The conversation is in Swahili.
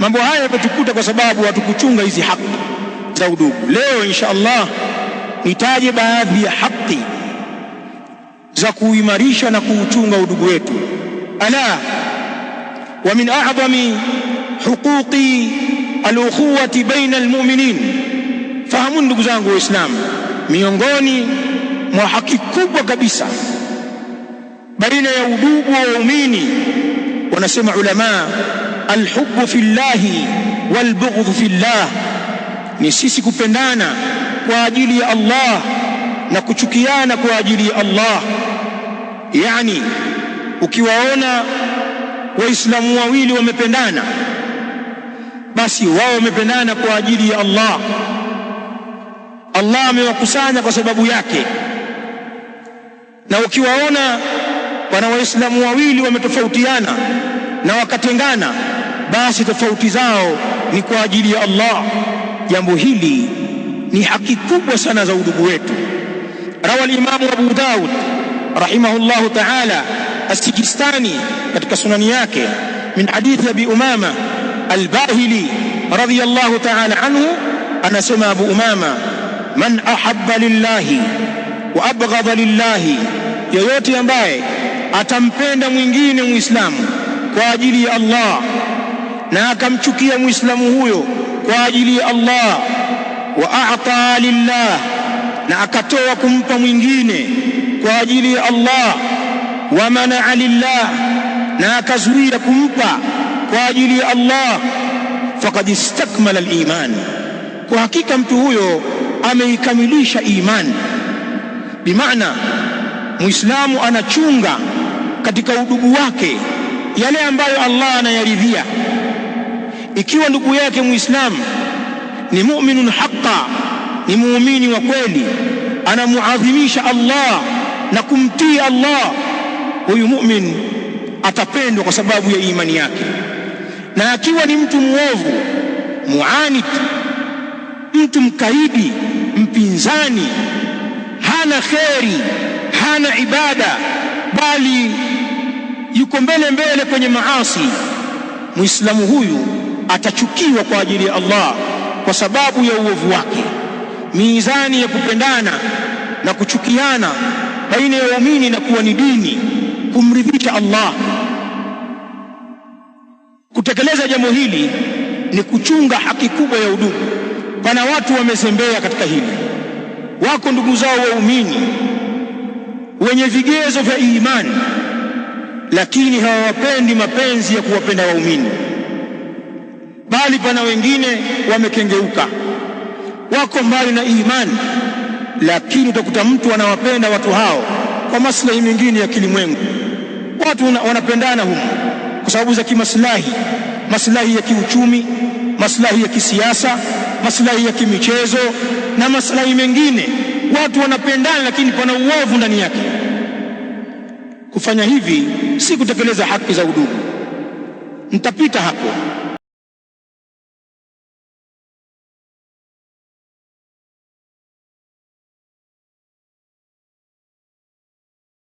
Mambo haya yametukuta kwa sababu hatukuchunga hizi haki za udugu. Leo insha Allah nitaje baadhi ya haki za kuimarisha na kuuchunga udugu wetu. Ala wa min a'dhami huquqi alukhuwati baina almu'minin, fahamuni ndugu zangu Waislamu, miongoni mwa haki kubwa kabisa baina ya udugu wa waumini, wanasema ulamaa alhubbu fi llahi walbughdhu fi llah, ni sisi kupendana kwa ajili ya Allah na kuchukiana kwa ajili ya Allah. Yani ukiwaona Waislamu wawili wamependana, basi wao wamependana kwa ajili ya Allah. Allah amewakusanya kwa sababu yake. Na ukiwaona wana Waislamu wawili wametofautiana na wakatengana basi tofauti zao ni kwa ajili ya Allah. Jambo hili ni haki kubwa sana za udugu wetu. Rawa al-Imamu Abu Daud rahimahullahu ta'ala as katika sunani yake min hadithi Abi Umama al-Bahili radhiyallahu ta'ala anhu, anasema Abu Umama, man ahabba lillahi wa abghadha lillahi, yoyote ambaye atampenda mwingine muislamu kwa ajili ya Allah na akamchukia mwislamu huyo kwa ajili ya Allah. Wa a'ta lillah, na akatoa kumpa mwingine kwa ajili ya Allah. Wa manaa lillah, na akazuia kumpa kwa ajili ya Allah. Faqad istakmala al-iman, kwa hakika mtu huyo ameikamilisha imani. Bimaana mwislamu anachunga katika udugu wake yale ambayo Allah anayaridhia ikiwa ndugu yake muislamu ni mu'minun haqa ni muumini wa kweli, anamuadhimisha Allah na kumtii Allah, huyu mu'min atapendwa kwa sababu ya imani yake. Na akiwa ni mtu muovu, muanid, mtu mkaidi, mpinzani, hana kheri, hana ibada, bali yuko mbele mbele kwenye maasi, muislamu huyu atachukiwa kwa ajili ya Allah kwa sababu ya uovu wake. Mizani ya kupendana na kuchukiana baina ya waumini na kuwa ni dini kumridhisha Allah. Kutekeleza jambo hili ni kuchunga haki kubwa ya udugu. Pana watu wamezembea katika hili. Wako ndugu zao waumini wenye vigezo vya imani, lakini hawawapendi mapenzi ya kuwapenda waumini bali pana wengine wamekengeuka, wako mbali na imani, lakini utakuta mtu anawapenda watu hao kwa maslahi mengine ya kilimwengu. Watu wanapendana humo kwa sababu za kimaslahi, maslahi ya kiuchumi, maslahi ya kisiasa, maslahi ya kimichezo na maslahi mengine. Watu wanapendana, lakini pana uovu ndani yake. Kufanya hivi si kutekeleza haki za udugu. Mtapita hapo.